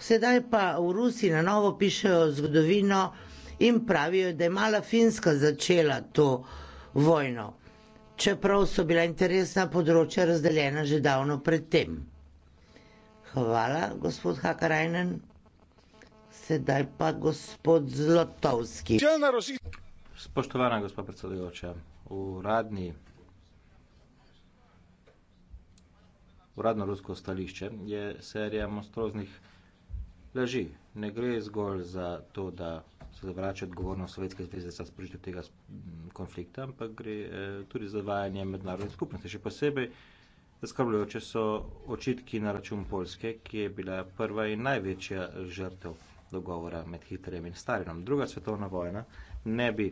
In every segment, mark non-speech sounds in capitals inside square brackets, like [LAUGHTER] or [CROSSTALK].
Sedaj pa v Rusi na novo pišejo zgodovino in pravijo, da je mala Finska začela to vojno, čeprav so bila interesna področja razdeljena že davno predtem. Hvala, gospod Hakarajnen. Sedaj pa gospod Zlotovski. Spoštovana gospa predsedujoča, uradni. Uradno rusko stališče je serija monstruoznih laži. Ne gre zgolj za to, da se zavrača odgovornost Sovjetske zveze za sprožitev tega konflikta, ampak gre eh, tudi za vajanje mednarodne skupnosti. Še posebej zaskrbljujoče so očitki na račun Polske, ki je bila prva in največja žrtev dogovora med Hitlerjem in Stalinom. Druga svetovna vojna ne bi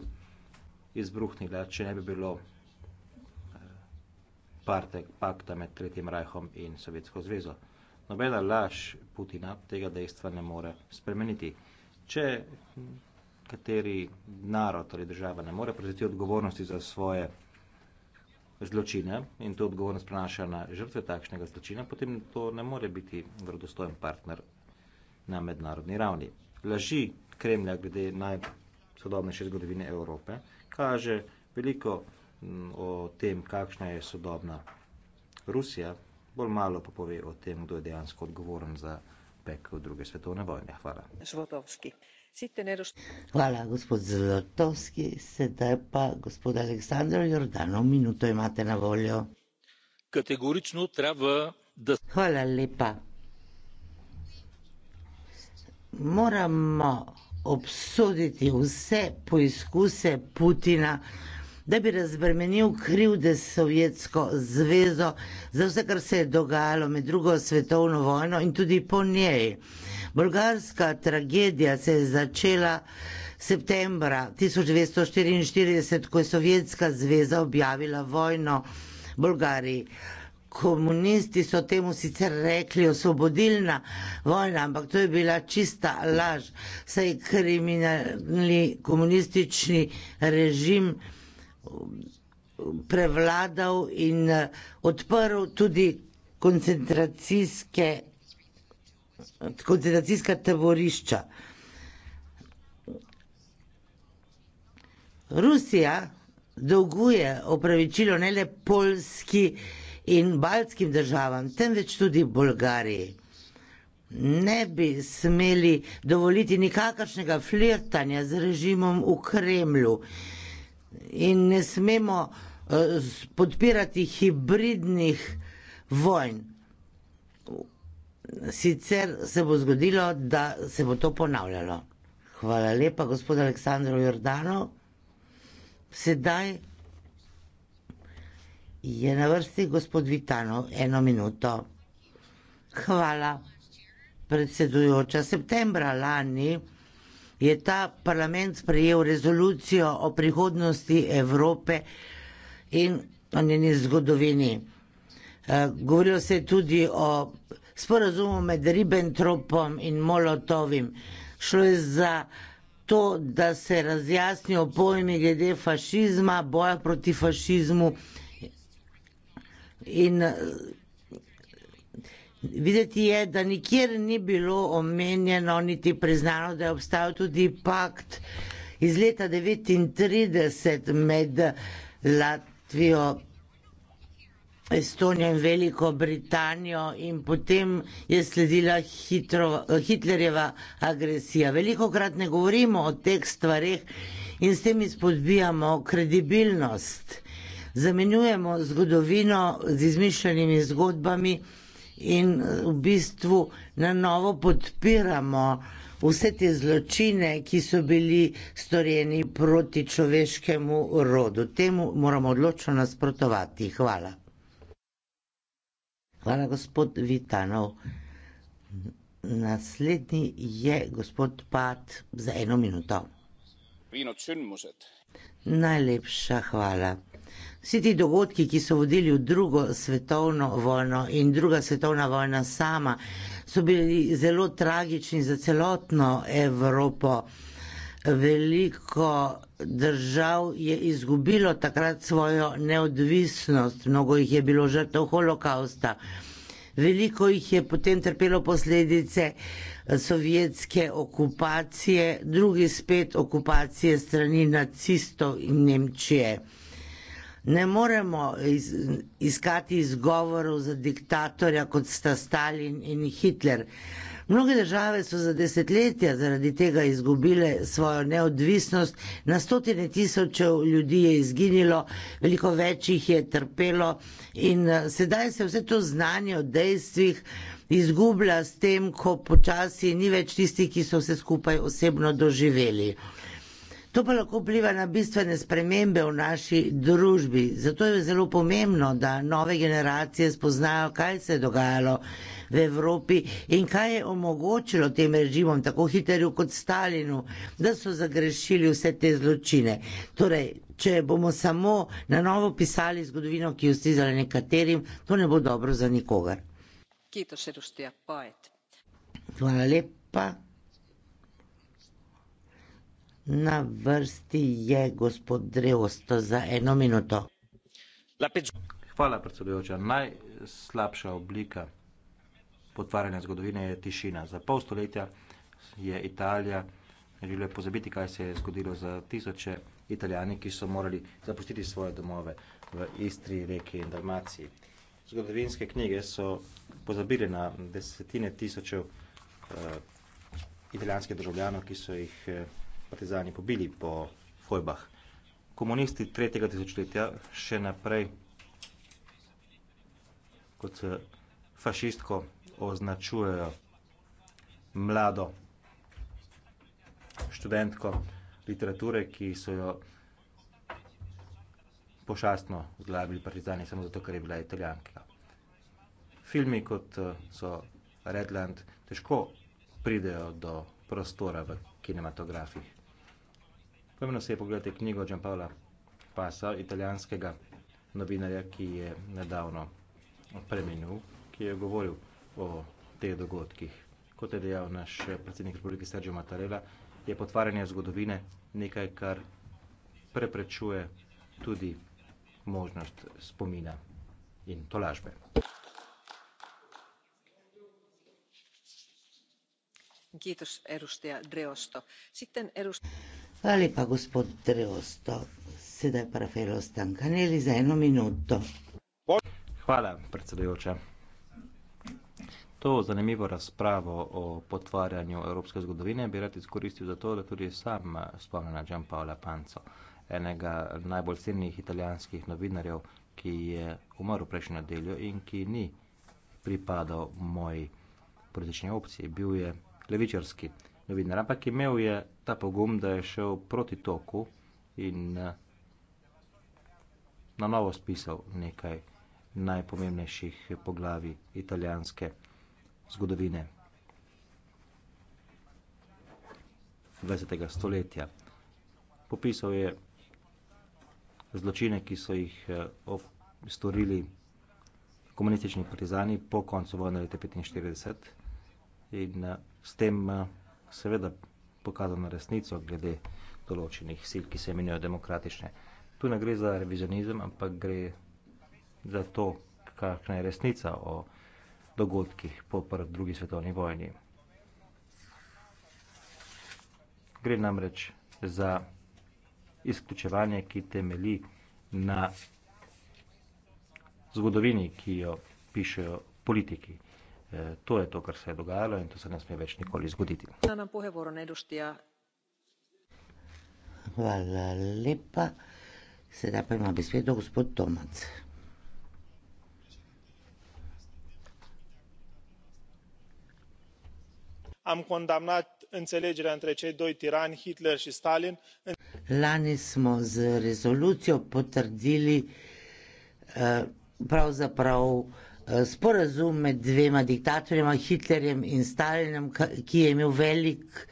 izbruhnila, če ne bi bilo eh, parte, pakta med Tretjim rajhom in Sovjetsko zvezo nobena laž Putina tega dejstva ne more spremeniti. Če kateri narod ali država ne more prevzeti odgovornosti za svoje zločine in to odgovornost prenaša na žrtve takšnega zločina, potem to ne more biti vrodostojen partner na mednarodni ravni. Laži Kremlja glede najsodobnejše zgodovine Evrope kaže veliko mm, o tem, kakšna je sodobna Rusija, bolj malo pa pove o tem, kdo je dejansko odgovoren za pekel druge svetovne vojne. Hvala. Hvala, gospod Zlotovski. Sedaj pa gospod Aleksandr Jordanov, minuto imate na voljo. Kategorično treba, da. Hvala lepa. Moramo obsoditi vse poizkuse Putina da bi razbremenil krivde Sovjetsko zvezo za vse, kar se je dogajalo med drugo svetovno vojno in tudi po njej. Bolgarska tragedija se je začela septembra 1944, ko je Sovjetska zveza objavila vojno Bolgariji. Komunisti so temu sicer rekli osvobodilna vojna, ampak to je bila čista laž, saj kriminalni komunistični režim prevladal in eh, odprl tudi koncentracijske, koncentracijska taborišča. Rusija dolguje opravičilo ne le polski in baltskim državam, temveč tudi Bolgariji. Ne bi smeli dovoliti nikakršnega flirtanja z režimom v Kremlju in ne smemo uh, podpirati hibridnih vojn. Sicer se bo zgodilo, da se bo to ponavljalo. Hvala lepa, gospod Aleksandro Jordano. Sedaj je na vrsti gospod Vitano eno minuto. Hvala, predsedujoča. Septembra lani je ta parlament sprejel rezolucijo o prihodnosti Evrope in o njeni zgodovini. Eh, govorilo se je tudi o sporazumu med Ribbentropom in Molotovim. Šlo je za to, da se razjasnijo pojmi glede fašizma, boja proti fašizmu in Videti je, da nikjer ni bilo omenjeno niti priznano, da je obstajal tudi pakt iz leta 1939 med Latvijo, Estonijo in Veliko Britanijo in potem je sledila hitro, Hitlerjeva agresija. Veliko krat ne govorimo o teh stvarih in s tem izpodbijamo kredibilnost. Zamenjujemo zgodovino z izmišljenimi zgodbami in eh, v bistvu na novo podpiramo vse te zločine, ki so bili storjeni proti človeškemu rodu. Temu moramo odločno nasprotovati. Hvala. Hvala, gospod Vitanov. Naslednji je gospod Pat za eno minuto. Najlepša hvala. Vsi ti dogodki, ki so vodili v drugo svetovno vojno in druga svetovna vojna sama, so bili zelo tragični za celotno Evropo. Veliko držav je izgubilo takrat svojo neodvisnost, mnogo jih je bilo žrtev holokausta, veliko jih je potem trpelo posledice sovjetske okupacije, drugi spet okupacije strani nacistov in Nemčije ne moremo iz, iskati izgovorov za diktatorja, kot sta Stalin in Hitler. Mnoge države so za desetletja zaradi tega izgubile svojo neodvisnost, na stotine tisočev ljudi je izginilo, veliko več jih je trpelo in eh, sedaj se vse to znanje o dejstvih izgublja s tem, ko počasi ni več tistih, ki so vse skupaj osebno doživeli. To pa lahko vpliva na bistvene spremembe v naši družbi. Zato je zelo pomembno, da nove generacije spoznajo, kaj se je dogajalo v Evropi in kaj je omogočilo tem režimom, tako Hitlerju kot Stalinu, da so zagrešili vse te zločine. Torej, če bomo samo na novo pisali zgodovino, ki jo stizali nekaterim, to ne bo dobro za nikogar. Hvala lepa. Na vrsti je gospod Drevosto za eno minuto. Hvala, predsedujoča. Najslabša oblika potvarjanja zgodovine je tišina. Za pol stoletja je Italija želela pozabiti, kaj se je zgodilo za tisoče Italijani, ki so morali zapustiti svoje domove v Istri, Reki in Dalmaciji. Zgodovinske knjige so pozabile na desetine tisočev uh, italijanskih državljanov, ki so jih uh, partizani pobili po fojbah. Komunisti tretjega tisočletja še naprej kot fašistko označujejo mlado študentko literature, ki so jo pošastno zglavili partizani, samo zato, ker je bila italijanka. Filmi, kot so Redland, težko pridejo do prostora v kinematografih. Pomembno se je pogledati knjigo Gian Paola Pasa, italijanskega novinarja, ki je nedavno premenil, ki je govoril o teh dogodkih. Kot je dejal naš predsednik republike Sergio Mattarella, je potvarjanje zgodovine nekaj, kar preprečuje tudi možnost spomina in tolažbe. Kiitos, edustaja Dreosto. Sitten edustaja... Hvala lepa, gospod Drevosto. Sedaj pa Rafael Ostankaneli za eno minuto. Hvala, predsedujoča. To zanimivo razpravo o potvarjanju evropske zgodovine bi rad izkoristil za to, da tudi sam spomnim na Gian Paola Panco, enega najbolj silnih italijanskih novinarjev, ki je umrl prejšnjo nedeljo in ki ni pripadal moji politični opciji. Bil je levičarski novinar. Ampak imel je ta pogum, da je šel proti toku in eh, na novo spisal nekaj najpomembnejših poglavi italijanske zgodovine 20. stoletja. Popisal je zločine, ki so jih eh, storili komunistični partizani po koncu vojne leta 1945 in eh, s tem seveda pokazano resnico glede določenih sil, ki se imenijo demokratične. Tu ne gre za revizionizem, ampak gre za to, kakšna je resnica o dogodkih po prv drugi svetovni vojni. Gre namreč za izključevanje, ki temeli na zgodovini, ki jo pišejo politiki. E, to je to kar se je dogajalo in to se ne sme več nikoli zgoditi. Hvala lepa. Sedaj pa ima besedo gospod Tomac. Am condamnat înțelegerea între cei doi tirani, Hitler și Stalin. Lani smo z rezolucijo potrdili uh, pravzaprav uh, sporazum med dvema diktatorjema, Hitlerjem in Stalinem, ki je imel velik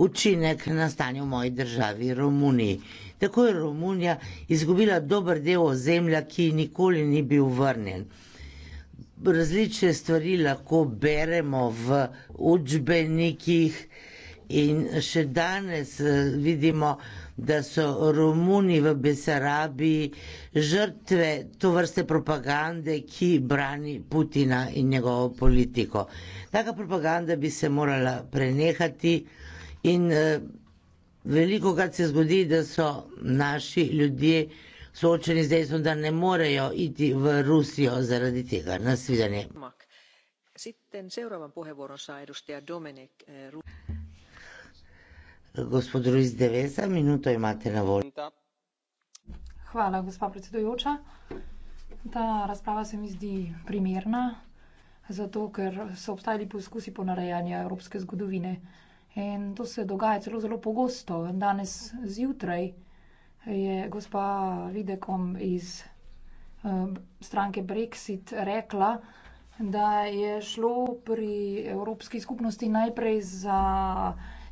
učinek na stanje v moji državi, Romuniji. Tako je Romunija izgubila dober del ozemlja, ki nikoli ni bil vrnen. Različne stvari lahko beremo v učbenikih in še danes eh, vidimo, da so Romuni v Besarabiji žrtve to vrste propagande, ki brani Putina in njegovo politiko. Taka propaganda bi se morala prenehati in eh, veliko krat se zgodi, da so naši ljudje soočeni z dejstvom, da ne morejo iti v Rusijo zaradi tega. Nasvidenje. Sitten seuraavan puheenvuoron saa edustaja Domenic. Eh, Gospod Ruiz Deveza, minuto imate na voljo. Hvala, gospa predsedujoča. Ta razprava se mi zdi primerna, zato ker so obstajali poskusi ponarejanja evropske zgodovine. In to se dogaja celo zelo pogosto. Danes zjutraj je gospa Videkom iz eh, stranke Brexit rekla, da je šlo pri evropski skupnosti najprej za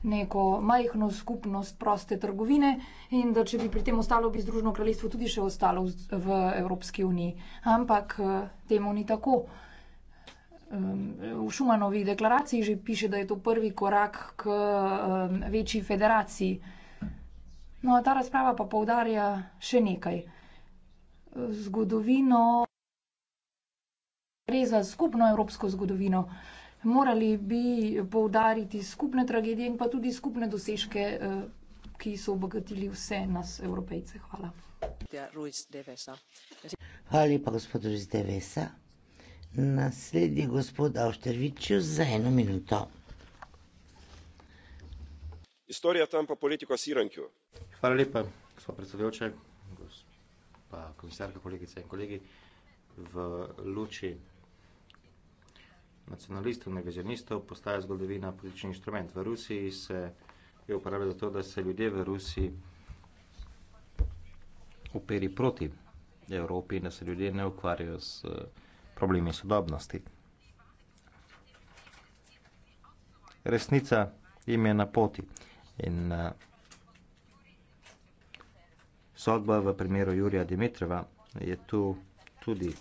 neko majhno skupnost proste trgovine in da če bi pri tem ostalo, bi Združeno kraljestvo tudi še ostalo v Evropski uniji. Ampak eh, temu ni tako. V Šumanovi deklaraciji že piše, da je to prvi korak k večji federaciji. No, ta razprava pa povdarja še nekaj. Zgodovino gre za skupno evropsko zgodovino. Morali bi povdariti skupne tragedije in pa tudi skupne dosežke, eh, ki so obogatili vse nas, evropejce. Hvala. Hvala lepa, gospod Ruiz Devesa. Naslednji gospod Avšterviču za eno minuto. Istorija tam pa politiko Sirankjo. Hvala lepa, gospod predsedujoče, gospa komisarka, kolegice in kolegi. V luči nacionalistov, negazionistov postaja zgodovina politični inštrument. V Rusiji se je uporabljala to, da se ljudje v Rusiji operi proti Evropi in da se ljudje ne ukvarjajo s eh, problemi sodobnosti. Resnica jim je na poti in eh, sodba v primeru Jurija Dimitreva je tu tudi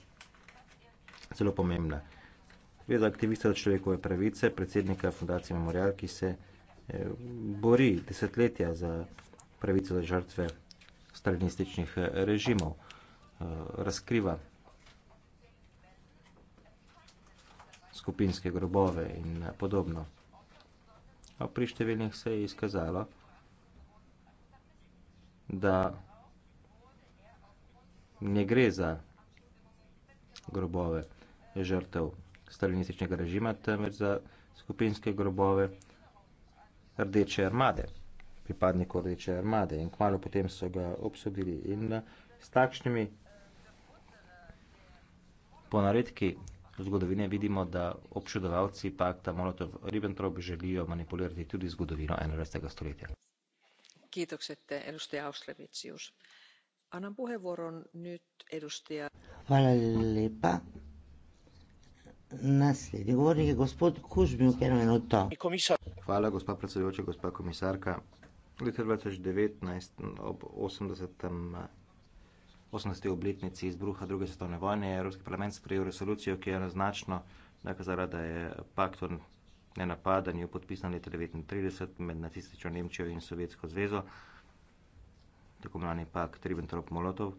zelo pomembna gre za aktivista za človekove pravice, predsednika fundacije Memorial, ki se eh, bori desetletja za pravice za žrtve stalinističnih eh, režimov. Eh, razkriva skupinske grobove in podobno. A pri številnih se je izkazalo, da ne gre za grobove žrtev stalinističnega režima, temveč za skupinske grobove Rdeče armade, pripadnikov Rdeče armade. In kmalo potem so ga obsodili in eh, s takšnimi ponaredki zgodovine vidimo, da občudovalci pakta Molotov-Ribbentrop želijo manipulirati tudi zgodovino 21. stoletja. Hvala lepa. Naslednji govornik je gospod Kužbin, ker je eno to. Hvala, gospa predsedujoča, gospa komisarka. Leta 2019, ob 80. 80. obletnici izbruha druge svetovne vojne, je Evropski parlament sprejel resolucijo, ki je enoznačno nakazala, da je pakt o nenapadanju podpisan leta 1939 med nacistično Nemčijo in Sovjetsko zvezo, tako imenovani pakt Ribbentrop-Molotov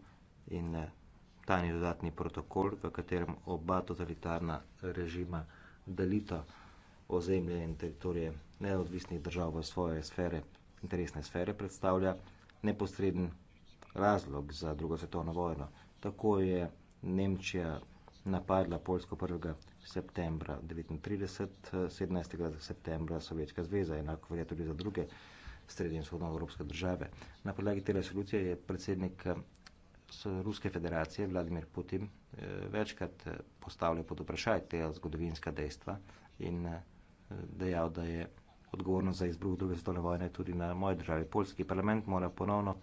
in tajni dodatni protokol, v katerem oba totalitarna režima delita ozemlje in teritorije neodvisnih držav v svoje sfere, interesne sfere, predstavlja neposreden razlog za drugo svetovno vojno. Tako je Nemčija napadla Poljsko 1. septembra 1939, 17. septembra Sovjetska zveza, enako velja tudi za druge srednje in vzhodno evropske države. Na podlagi te resolucije je predsednik Ruske federacije Vladimir Putin eh, večkrat eh, postavlja pod vprašaj te zgodovinska dejstva in eh, dejal, da je odgovorno za izbruh druge svetovne vojne tudi na moji državi. Poljski parlament mora ponovno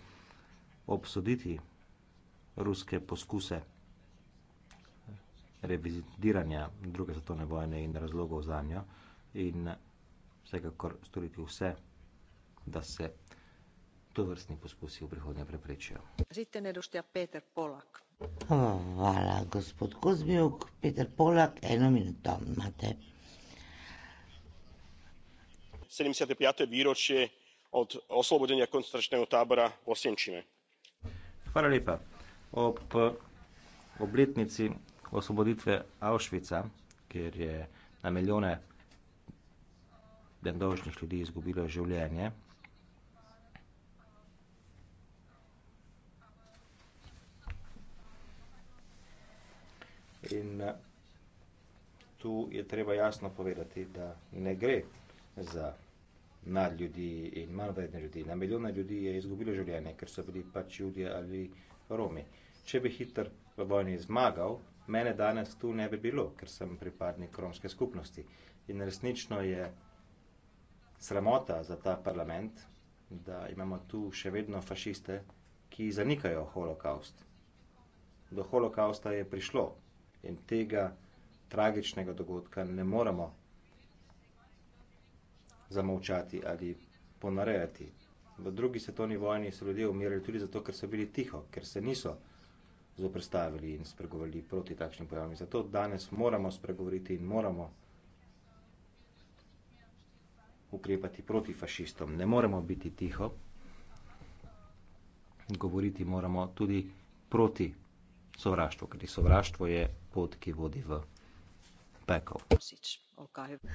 obsoditi ruske poskuse revizidiranja druge svetovne vojne in razlogov za njo in vsekakor storiti vse, da se tovrstni poskusi v prihodnje preprečijo. Hvala, gospod Kozmijuk. Peter Polak, eno minuto imate. 75. výročie od oslobodenia koncentračného tábora v Osenčine. Hvala lepa. Ob obletnici osvoboditve Auschwitza, kjer je na milijone nedolžnih ljudi izgubilo življenje, In eh, tu je treba jasno povedati, da ne gre za nad ljudi in manj vredne ljudi. Na milijone ljudi je izgubilo življenje, ker so bili pač judje ali romi. Če bi Hitler v vojni zmagal, mene danes tu ne bi bilo, ker sem pripadnik romske skupnosti. In resnično je sramota za ta parlament, da imamo tu še vedno fašiste, ki zanikajo holokaust. Do holokausta je prišlo, in tega tragičnega dogodka ne moremo zamovčati ali ponarejati. V drugi svetovni vojni so ljudje umirali tudi zato, ker so bili tiho, ker se niso zoprstavili in spregovorili proti takšnim pojavom. Zato danes moramo spregovoriti in moramo ukrepati proti fašistom. Ne moremo biti tiho, govoriti moramo tudi proti fašistom sovraštvo, ker sovraštvo je pot, ki vodi v pekel.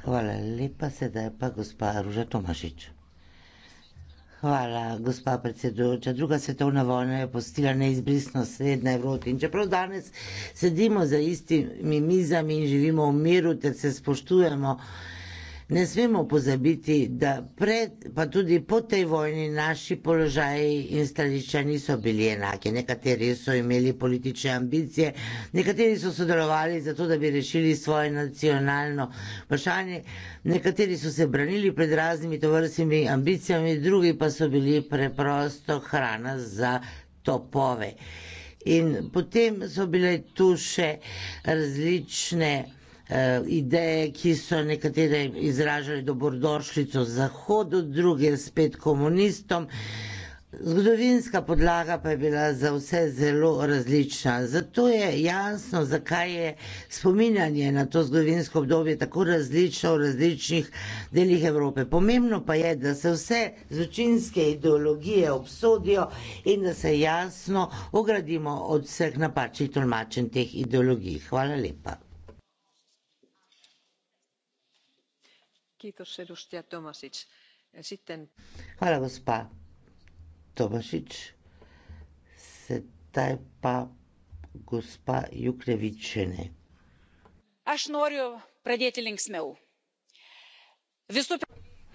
Hvala lepa, sedaj pa gospa Ruža Tomašič. Hvala, gospa predsedujoča. Druga svetovna vojna je postila neizbrisno sred na Evropi. In čeprav danes sedimo za istimi mizami in živimo v miru ter se spoštujemo, ne smemo pozabiti, da pred, pa tudi po tej vojni naši položaji in stališča niso bili enake. Nekateri so imeli politične ambicije, nekateri so sodelovali zato, da bi rešili svoje nacionalno vprašanje, nekateri so se branili pred raznimi tovrstnimi ambicijami, drugi pa so bili preprosto hrana za topove. In potem so bile tu še različne Eh, ideje, ki so nekatere izražali dobrodošlico Zahodu, druge spet komunistom. Zgodovinska podlaga pa je bila za vse zelo različna. Zato je jasno, zakaj je spominjanje na to zgodovinsko obdobje tako različno v različnih delih Evrope. Pomembno pa je, da se vse zločinske ideologije obsodijo in da se jasno ogradimo od vseh napačnih tolmačenj teh ideologij. Hvala lepa. Ja Hvala, gospa Tomašič. Sedaj pa gospa Jukrevič še ne.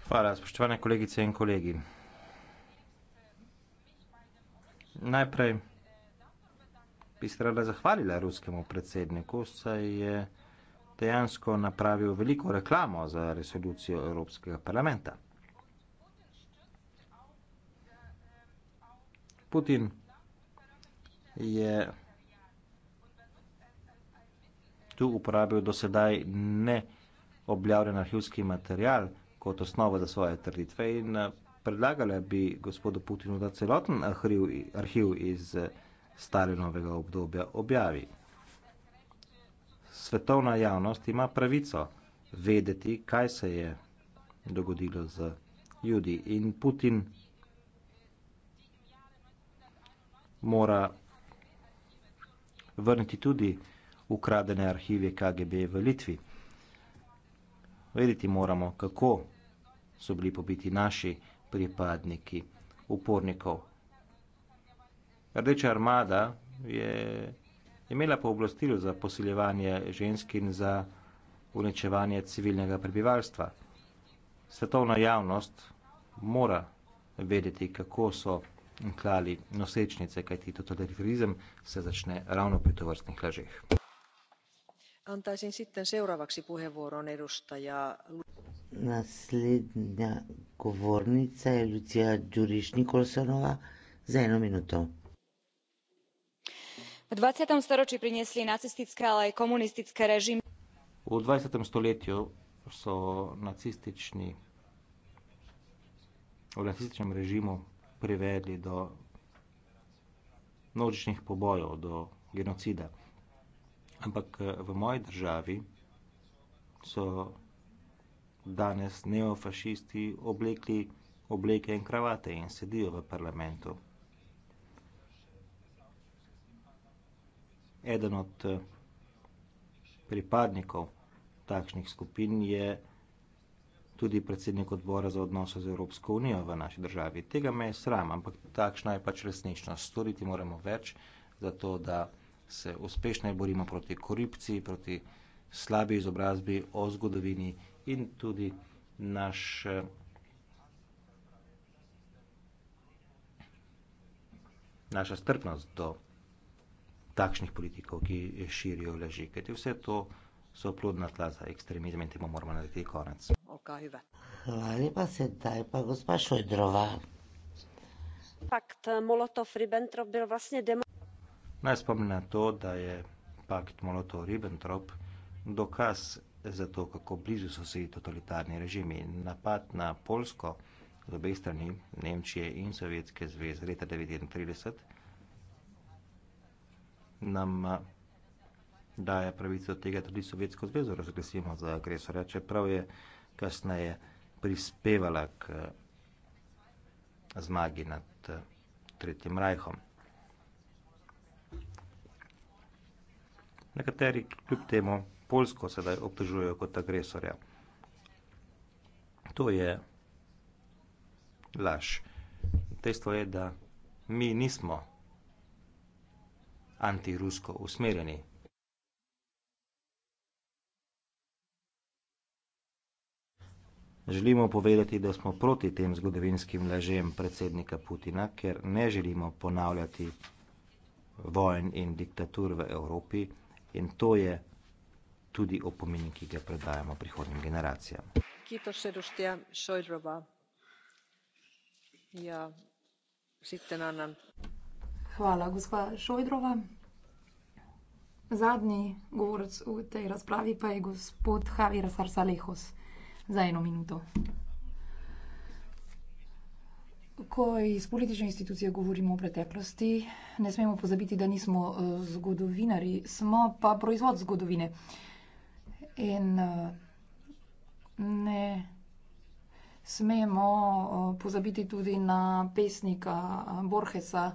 Hvala, spoštovane kolegice in kolegi. Najprej bi se rada zahvalila ruskemu predsedniku, saj je dejansko napravil veliko reklamo za resolucijo Evropskega parlamenta. Putin je tu uporabil dosedaj neobjavljen arhivski material kot osnovo za svoje trditve in eh, predlagala bi gospodu Putinu, da celoten arhiv, arhiv iz Stalinovega obdobja objavi svetovna javnost ima pravico vedeti, kaj se je dogodilo z ljudi. In Putin mora vrniti tudi ukradene arhive KGB v Litvi. Vedeti moramo, kako so bili pobiti naši pripadniki upornikov. Rdeča armada je imela pooblastilo za posiljevanje žensk in za uničevanje civilnega prebivalstva. Svetovna javnost mora vedeti, kako so klali nosečnice, kajti totalitarizem se začne ravno pri tovrstnih lažeh. Antaisin sitten seuraavaksi puheenvuoron edustaja... Naslednja govornica je Lucija Đuriš-Nikolsonova za eno minuto v dvajsetem storočí priniesli nacistické, ale aj komunistické režimy. V 20. storočí so nacistični v nacističnem režimu privedli do množičnih pobojov, do genocida. Ampak eh, v moji državi so danes neofašisti oblekli obleke in kravate in sedijo v parlamentu. eden od eh, pripadnikov takšnih skupin je tudi predsednik odbora za odnose z Evropsko unijo v naši državi. Tega me je sram, ampak takšna je pač resničnost. Storiti moramo več za to, da se uspešno borimo proti korupciji, proti slabi izobrazbi o zgodovini in tudi naš eh, naša strpnost do takšnih politikov, ki širijo laži. Kajti vse to so plodna tla za ekstremizem in temu moramo narediti konec. Hvala lepa, sedaj pa gospa Šojdrova. Pakt Molotov-Ribbentrop bil vlastne demo... Naj spomnim na to, da je pakt Molotov-Ribbentrop dokaz za to, kako blizu so se totalitarni režimi. Napad na Polsko z obeh strani Nemčije in Sovjetske zveze leta 1939 nam eh, daje pravico od tega, da tudi Sovjetsko zvezo razglasimo za agresorja, čeprav je kasneje prispevala k eh, zmagi nad eh, Tretjim rajhom. Nekateri kljub temu Polsko sedaj obtožujejo kot agresorja. To je laž. Dejstvo je, da mi nismo antirusko usmerjeni Želimo povedati, da smo proti tem zgodovinskim lažem predsednika Putina, ker ne želimo ponavljati vojn in diktatur v Evropi in to je tudi opomin, ki ga predajamo prihodnim generacijam. Kito še doštja šojdrova. Ja, sitten annan Hvala, gospa Šojdrova. Zadnji govorec v tej razpravi pa je gospod Javier Sarsalehos za eno minuto. Ko iz politične institucije govorimo o preteklosti, ne smemo pozabiti, da nismo eh, zgodovinari, smo pa proizvod zgodovine. In eh, ne smemo eh, pozabiti tudi na pesnika Borgesa,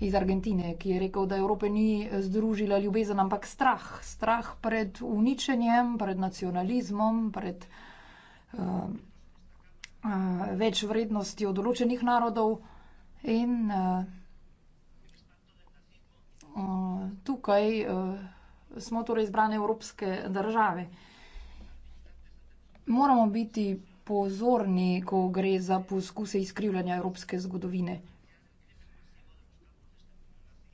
iz Argentine, ki je rekel, da Evrope ni eh, združila ljubezen, ampak strah. Strah pred uničenjem, pred nacionalizmom, pred uh, uh, več vrednosti od določenih narodov. In uh, uh, tukaj uh, smo torej izbrane evropske države. Moramo biti pozorni, ko gre za poskuse izkrivljanja evropske zgodovine.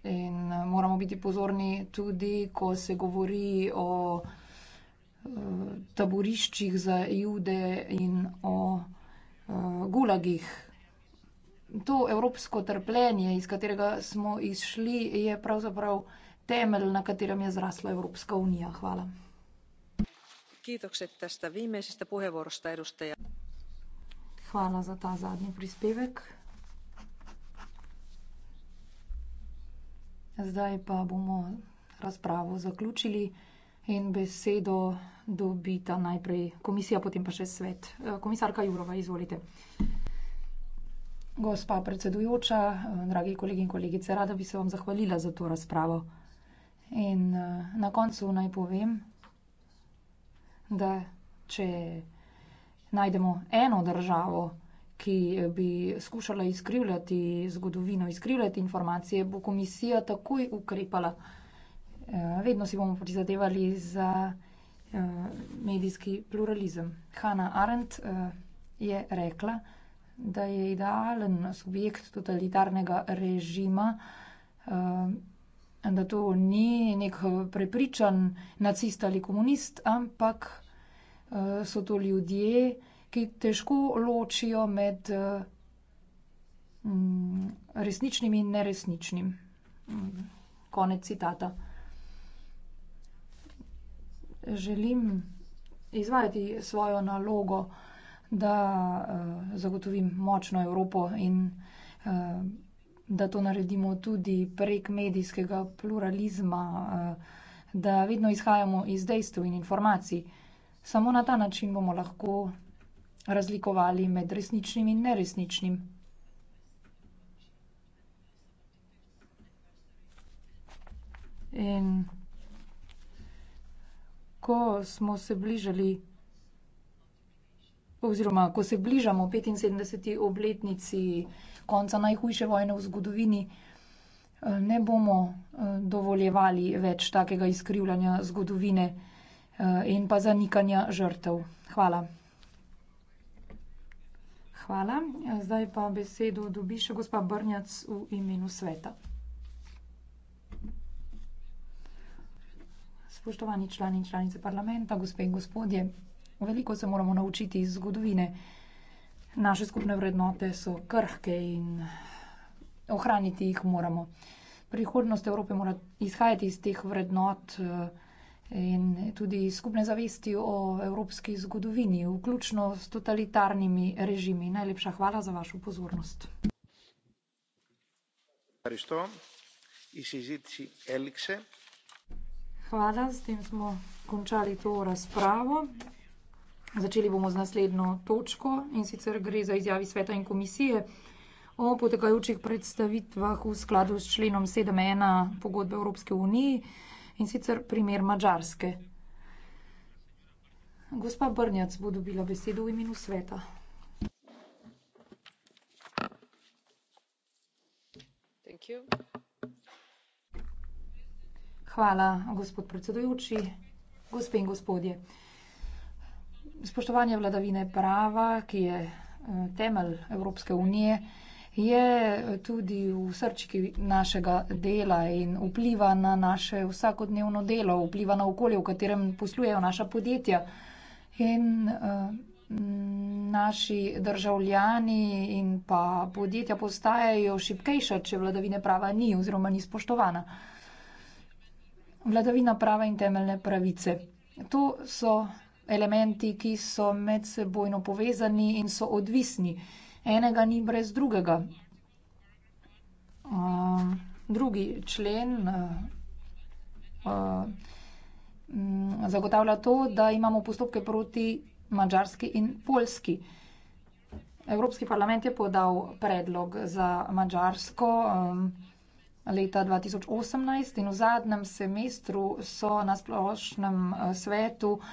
In eh, moramo biti pozorni tudi, ko se govori o eh, taboriščih za jude in o eh, gulagih. To evropsko trpljenje, iz katerega smo izšli, je pravzaprav temelj, na katerem je zrasla Evropska unija. Hvala. Hvala za ta zadnji prispevek. Zdaj pa bomo razpravo zaključili in besedo dobita najprej komisija, potem pa še svet. Eh, komisarka Jurova, izvolite. Gospa predsedujoča, eh, dragi kolegi in kolegice, rada bi se vam zahvalila za to razpravo. In eh, na koncu naj povem, da če najdemo eno državo, ki bi skušala izkrivljati zgodovino, izkrivljati informacije, bo komisija takoj ukrepala. Eh, vedno si bomo prizadevali za eh, medijski pluralizem. Hanna Arendt eh, je rekla, da je idealen subjekt totalitarnega režima, da to ni nek prepričan nacist ali komunist, ampak so to ljudje, ki težko ločijo med mm, resničnim in neresničnim. Mm, konec citata. Želim izvajati svojo nalogo, da uh, zagotovim močno Evropo in uh, da to naredimo tudi prek medijskega pluralizma, uh, da vedno izhajamo iz dejstev in informacij. Samo na ta način bomo lahko razlikovali med resničnim in neresničnim. In ko smo se bližali, oziroma ko se bližamo 75. obletnici konca najhujše vojne v zgodovini, ne bomo eh, dovoljevali več takega izkrivljanja zgodovine eh, in pa zanikanja žrtev. Hvala hvala. Zdaj pa besedo dobi še gospa Brnjac v imenu sveta. Spoštovani člani in članice parlamenta, gospe in gospodje, veliko se moramo naučiti iz zgodovine. Naše skupne vrednote so krhke in ohraniti jih moramo. Prihodnost Evrope mora izhajati iz teh vrednot, eh, in tudi skupne zavesti o evropski zgodovini, vključno s totalitarnimi režimi. Najlepša hvala za vašo pozornost. Hvala, s tem smo končali to razpravo. Začeli bomo z naslednjo točko, in sicer gre za izjavi sveta in komisije o potekajočih predstavitvah v skladu s členom 7.1 pogodbe Evropske unije in sicer primer Mačarske. Gospa Brnjac bo dobila besedo v imenu sveta. Hvala, gospod predsedujoči. Gospe in gospodje. Spoštovanje vladavine prava, ki je, eh, temelj Evropske unije, je tudi v srčki našega dela in vpliva na naše vsakodnevno delo, vpliva na okolje, v katerem poslujejo naša podjetja. In eh, naši državljani in pa podjetja postajajo šipkejša, če vladavine prava ni oziroma ni spoštovana. Vladavina prava in temeljne pravice. To so elementi, ki so medsebojno povezani in so odvisni enega ni brez drugega. Uh, drugi člen uh, um, zagotavlja to, da imamo postopke proti Mačarski in Polski. Evropski parlament je podal predlog za Mačarsko um, leta 2018 in v zadnjem semestru so na splošnem svetu uh,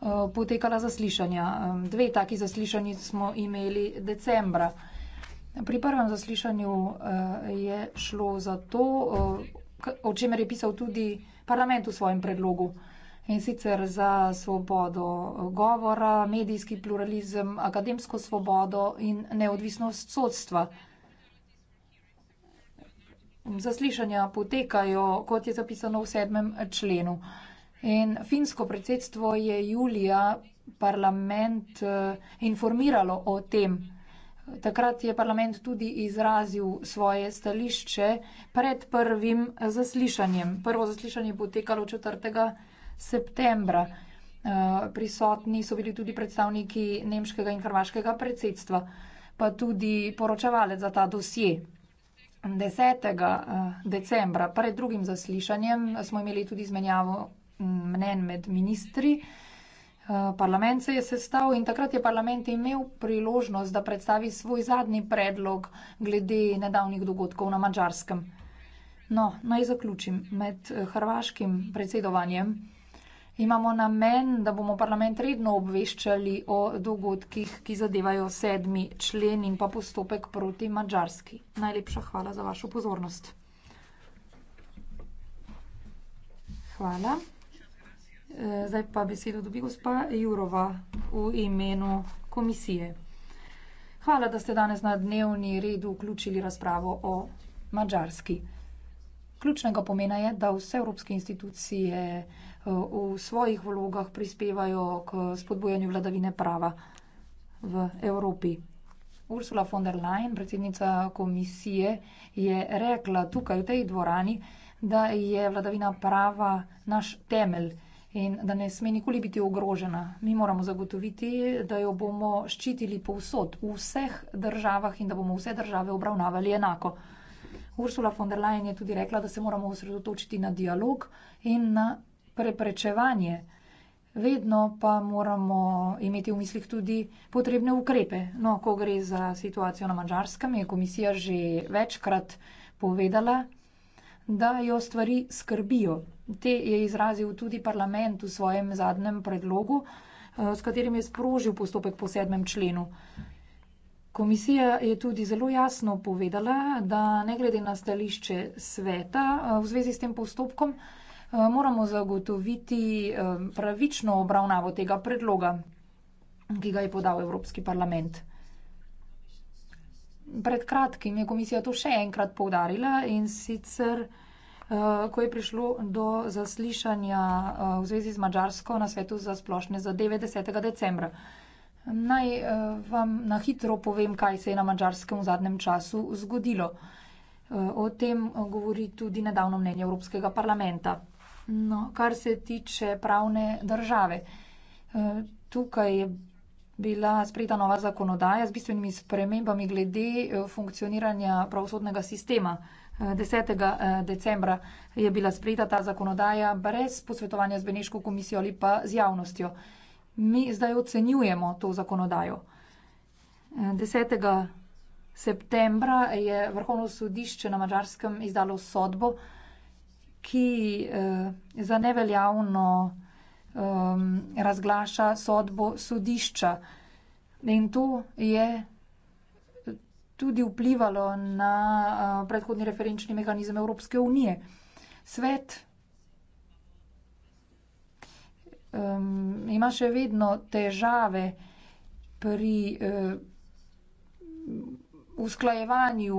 Eh, potekala zaslišanja. Dve taki zaslišanji smo imeli decembra. Pri prvem zaslišanju eh, je šlo za to, eh, o čemer je pisal tudi parlament v svojem predlogu. In sicer za svobodo govora, medijski pluralizem, akademsko svobodo in neodvisnost sodstva. Zaslišanja potekajo, kot je zapisano v sedmem členu. In finsko predsedstvo je julija parlament eh, informiralo o tem. Takrat je parlament tudi izrazil svoje stališče pred prvim zaslišanjem. Prvo zaslišanje je potekalo 4. septembra. Eh, prisotni so bili tudi predstavniki nemškega in hrvaškega predsedstva, pa tudi poročevalec za ta dosje. 10. Eh, decembra, pred drugim zaslišanjem, smo imeli tudi izmenjavo mnen med ministri. Eh, parlament se je sestavil in takrat je parlament imel priložnost, da predstavi svoj zadnji predlog glede nedavnih dogodkov na mačarskem. No, naj zaključim. Med eh, hrvaškim predsedovanjem imamo namen, da bomo parlament redno obveščali o dogodkih, ki zadevajo sedmi člen in pa postopek proti mačarski. Najlepša hvala za vašo pozornost. Hvala. Eh, zdaj pa besedo dobi gospa Jurova v imenu komisije. Hvala, da ste danes na dnevni red vključili razpravo o Mačarski. Ključnega pomena je, da vse evropske institucije eh, v svojih vlogah prispevajo k spodbujanju vladavine prava v Evropi. Ursula von der Leyen, predsednica komisije, je rekla tukaj v tej dvorani, da je vladavina prava naš temelj in da ne sme nikoli biti ogrožena. Mi moramo zagotoviti, da jo bomo ščitili povsod, v vseh državah in da bomo vse države obravnavali enako. Ursula von der Leyen je tudi rekla, da se moramo osredotočiti na dialog in na preprečevanje. Vedno pa moramo imeti v mislih tudi potrebne ukrepe. No, ko gre za situacijo na Mačarskem, je komisija že večkrat povedala, da jo stvari skrbijo. Te je izrazil tudi parlament v svojem zadnjem predlogu, eh, s katerim je sprožil postopek po sedmem členu. Komisija je tudi zelo jasno povedala, da ne glede na stališče sveta eh, v zvezi s tem postopkom, eh, moramo zagotoviti pravično obravnavo tega predloga, ki ga je podal Evropski parlament. Pred kratkim je komisija to še enkrat povdarila in sicer, eh, ko je prišlo do zaslišanja eh, v zvezi z Mačarsko na svetu za splošne zadeve 10. decembra. Naj eh, vam na hitro povem, kaj se je na Mačarskem v zadnjem času zgodilo. O tem govori tudi nedavno mnenje Evropskega parlamenta. No, kar se tiče pravne države, tukaj je bila sprejeta nova zakonodaja z bistvenimi spremembami glede eh, funkcioniranja pravosodnega sistema. 10. Eh, eh, decembra je bila sprejeta ta zakonodaja brez posvetovanja z Beneško komisijo ali pa z javnostjo. Mi zdaj ocenjujemo to zakonodajo. 10. septembra je Vrhovno sodišče na Mačarskem izdalo sodbo, ki za neveljavno um, razglaša sodbo sodišča. In to je tudi vplivalo na uh, predhodni referenčni mehanizem Evropske unije. Svet um, ima še vedno težave pri uh, usklajevanju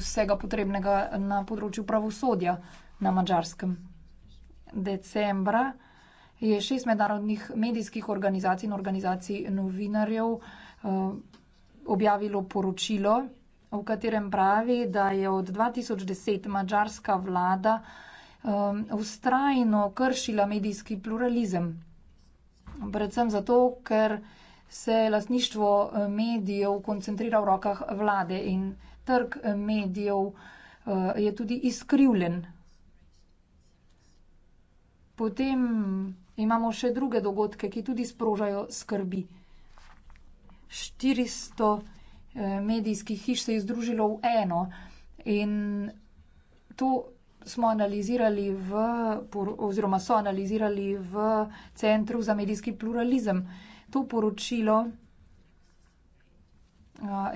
vsega potrebnega na področju pravosodja na mačarskem. Decembra je šest mednarodnih medijskih organizacij in organizacij novinarjev eh, objavilo poročilo, v katerem pravi, da je od 2010 mađarska vlada ustrajno eh, kršila medijski pluralizem. Predvsem zato, ker se lastništvo eh, medijev koncentrira v rokah vlade in trg medijev je tudi izkrivljen. Potem imamo še druge dogodke, ki tudi sprožajo skrbi. 400 eh, medijskih hiš se je združilo v eno in to smo analizirali v, oziroma so analizirali v Centru za medijski pluralizem. To poročilo eh,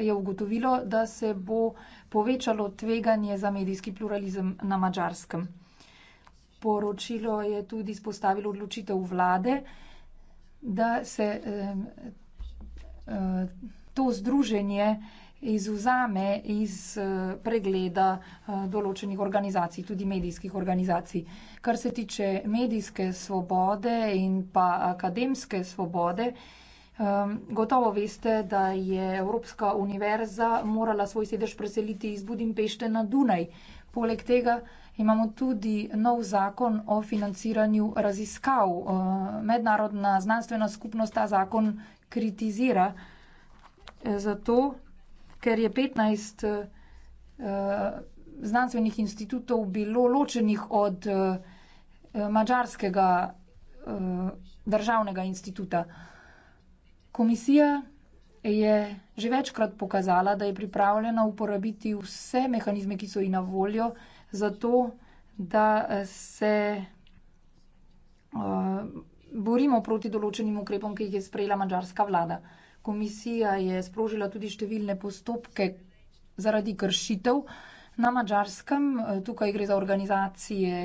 je ugotovilo, da se bo povečalo tveganje za medijski pluralizem na mačarskem poročilo je tudi izpostavilo odločitev vlade, da se to združenje izuzame iz eh, pregleda eh, določenih organizacij, tudi medijskih organizacij. Kar se tiče medijske svobode in pa akademske svobode, gotovo veste, da je Evropska univerza morala svoj sedež preseliti iz Budimpešte na Dunaj. Poleg tega imamo tudi nov zakon o financiranju raziskav. Eh, mednarodna znanstvena skupnost ta zakon kritizira eh, zato, ker je 15 eh, znanstvenih institutov bilo ločenih od mađarskega državnega instituta. Komisija je že večkrat pokazala, da je pripravljena uporabiti vse mehanizme, ki so ji na voljo, za to, da eh, se eh, borimo proti določenim ukrepom, ki jih je sprejela mađarska vlada. Komisija je sprožila tudi številne postopke zaradi kršitev na mađarskem. Eh, tukaj gre za organizacije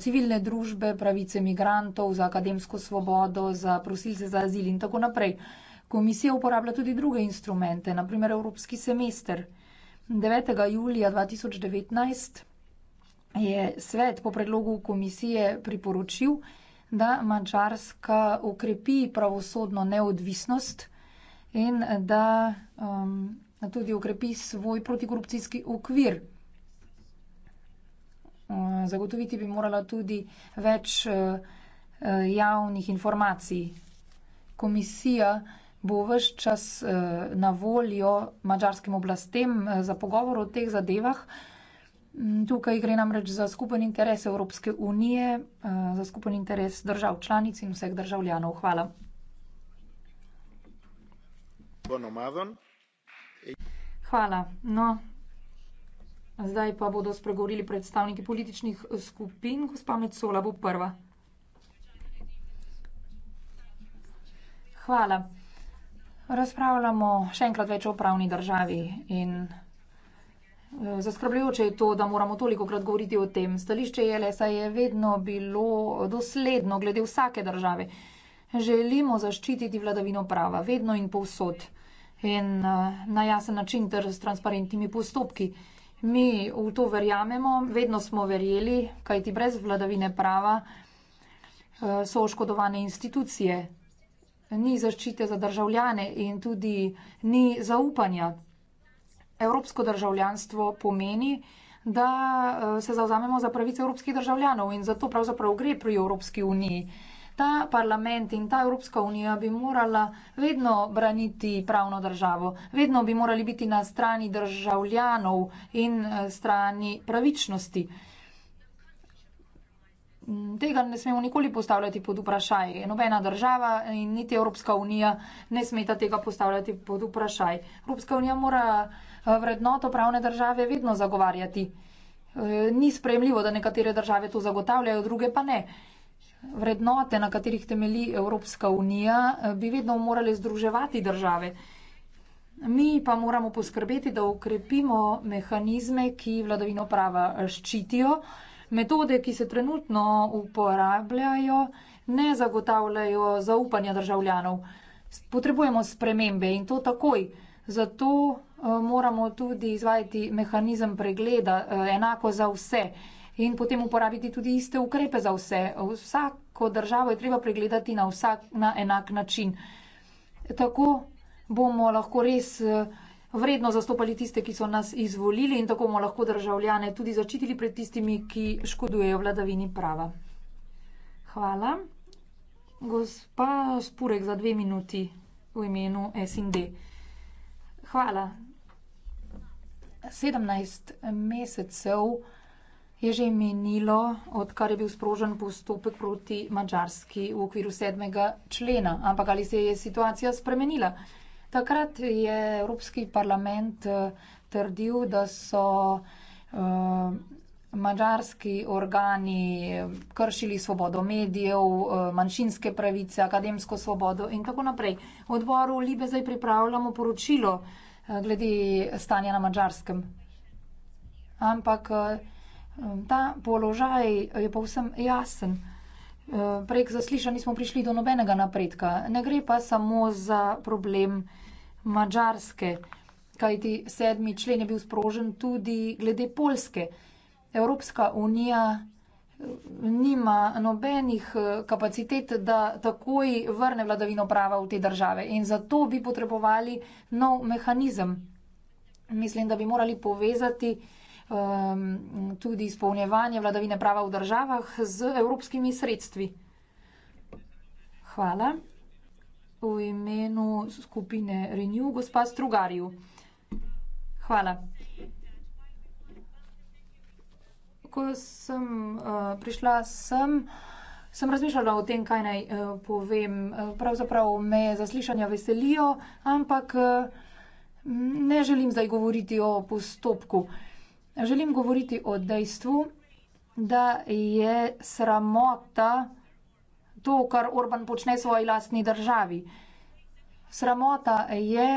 civilne družbe, pravice migrantov, za akademsko svobodo, za prosilce za azil in tako naprej. Komisija uporablja tudi druge instrumente, naprimer evropski semester. 9. julija 2019 je svet po predlogu komisije priporočil, da Mačarska ukrepi pravosodno neodvisnost in da um, tudi ukrepi svoj protikorupcijski okvir. Uh, zagotoviti bi morala tudi več uh, javnih informacij. Komisija bo vse čas uh, na voljo mačarskim oblastem za pogovor o teh zadevah. Mm, tukaj gre namreč za skupen interes Evropske unije, eh, za skupen interes držav članic in vseh državljanov. Hvala. Hvala. No, zdaj pa bodo spregovorili predstavniki političnih skupin. Gospa Mecola bo prva. Hvala. Razpravljamo še enkrat več o pravni državi in Zaskrbljujoče je to, da moramo tolikokrat govoriti o tem. Stališče JLS-a je vedno bilo dosledno glede vsake države. Želimo zaščititi vladavino prava, vedno in povsod. In na jasen način ter s transparentnimi postopki. Mi v to verjamemo, vedno smo verjeli, kajti brez vladavine prava eh, so oškodovane institucije. Ni zaščite za državljane in tudi ni zaupanja evropsko državljanstvo pomeni, da eh, se zauzamemo za pravice evropskih državljanov in zato pravzaprav gre pri Evropski uniji. Ta parlament in ta Evropska unija bi morala vedno braniti pravno državo, vedno bi morali biti na strani državljanov in eh, strani pravičnosti. Tega ne smemo nikoli postavljati pod vprašaj. Nobena država in niti Evropska unija ne smeta tega postavljati pod vprašaj. Evropska unija mora vrednoto pravne države vedno zagovarjati. E, ni sprejemljivo, da nekatere države to zagotavljajo, druge pa ne. Vrednote, na katerih temeli Evropska unija, e, bi vedno morali združevati države. Mi pa moramo poskrbeti, da ukrepimo mehanizme, ki vladavino prava ščitijo. Metode, ki se trenutno uporabljajo, ne zagotavljajo zaupanja državljanov. Potrebujemo spremembe in to takoj. Zato eh, moramo tudi izvajati mehanizem pregleda eh, enako za vse in potem uporabiti tudi iste ukrepe za vse. Vsako državo je treba pregledati na, vsak, na enak način. Tako bomo lahko res eh, vredno zastopali tiste, ki so nas izvolili in tako bomo lahko državljane tudi začitili pred tistimi, ki škodujejo vladavini prava. Hvala. Gospa Spurek za dve minuti v imenu SND. Hvala. Sedemnajst mesecev je že minilo, odkar je bil sprožen postopek proti Madžarski v okviru sedmega člena, ampak ali se je situacija spremenila? Takrat je Evropski parlament eh, trdil, da so eh, madžarski organi kršili svobodo medijev, eh, manjšinske pravice, akademsko svobodo in tako naprej. V odboru Libe zdaj pripravljamo poročilo eh, glede stanja na madžarskem. Ampak eh, ta položaj je povsem jasen. Prek zaslišanj nismo prišli do nobenega napredka. Ne gre pa samo za problem Mačarske, kajti sedmi člen je bil sprožen tudi glede Polske, Evropska unija eh, nima nobenih eh, kapacitet, da takoj vrne vladavino prava v te države. In zato bi potrebovali nov mehanizem. Mislim, da bi morali povezati um, tudi izpolnjevanje vladavine prava v državah z evropskimi sredstvi. Hvala. V imenu skupine Renew, gospa Strugarju. Hvala. ko sem uh, prišla sem, sem razmišljala o tem, kaj naj uh, povem. Eh, pravzaprav me zaslišanja veselijo, ampak uh, ne želim zdaj govoriti o postopku. Želim govoriti o dejstvu, da je sramota to, kar Orban počne svoji lastni državi. Sramota je,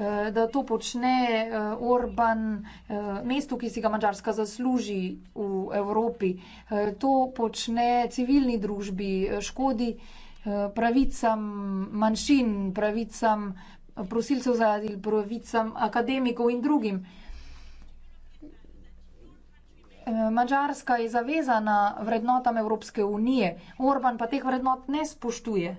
Eh, da to počne eh, Orban, eh, mestu, ki si ga Mačarska zasluži v Evropi. To počne civilni družbi, škodi pravicam manjšin, pravicam prosilcev za azil, pravicam akademikov in drugim. Mačarska je zavezana vrednotam Evropske unije, Orban pa teh vrednot ne spoštuje.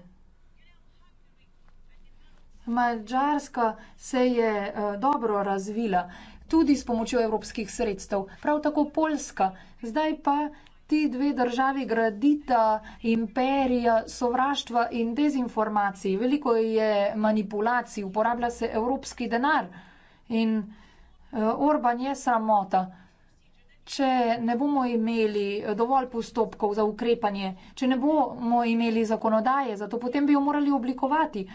Mačarska se je eh, dobro razvila, tudi s pomočjo evropskih sredstev, prav tako Poljska. Zdaj pa ti dve državi gradita imperija sovraštva in dezinformacij. Veliko je manipulacij, uporablja se evropski denar in eh, Orban je sramota. Če ne bomo imeli eh, dovolj postopkov za ukrepanje, če ne bomo imeli zakonodaje, zato potem bi jo morali oblikovati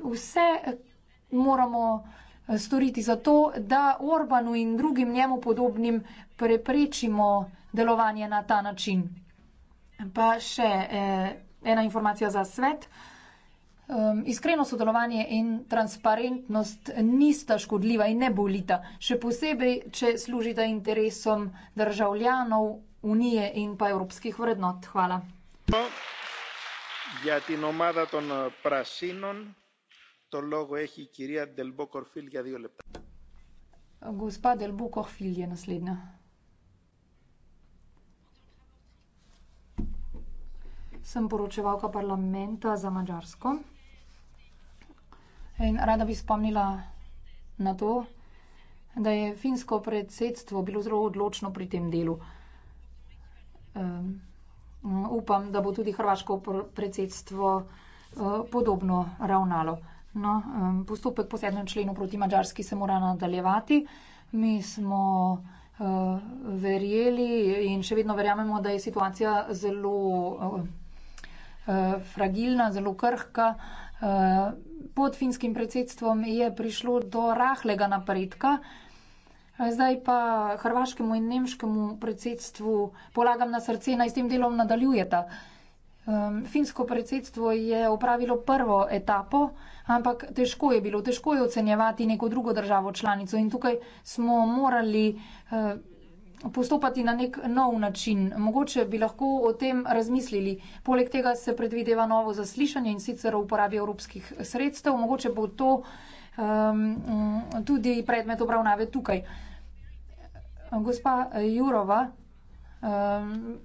vse eh, moramo eh, storiti za to, da Orbanu in drugim njemu podobnim preprečimo delovanje na ta način. Pa še eh, ena informacija za svet. Um, iskreno sodelovanje in transparentnost nista škodljiva in ne bolita, še posebej, če služita interesom državljanov Unije in pa evropskih vrednot. Hvala. No, Gospa Del Bo Corfil je naslednja. Sem poročevalka parlamenta za Madžarsko. In rada bi spomnila na to, da je finsko predsedstvo bilo zelo odločno pri tem delu. Um, upam, da bo tudi hrvaško predsedstvo uh, podobno ravnalo. No, postopek po sedmem členu proti Mačarski se mora nadaljevati. Mi smo eh, verjeli in še vedno verjamemo, da je situacija zelo eh, eh, fragilna, zelo krhka. Pod finskim predsedstvom je prišlo do rahlega napredka. Zdaj pa hrvaškemu in nemškemu predsedstvu polagam na srce, naj s tem delom nadaljujeta. Um, finsko predsedstvo je opravilo prvo etapo, ampak težko je bilo, težko je ocenjevati neko drugo državo članico in tukaj smo morali uh, postopati na nek nov način. Mogoče bi lahko o tem razmislili. Poleg tega se predvideva novo zaslišanje in sicer o uporabi evropskih sredstev. Mogoče bo to um, tudi predmet obravnave tukaj. Gospa Jurova. Um,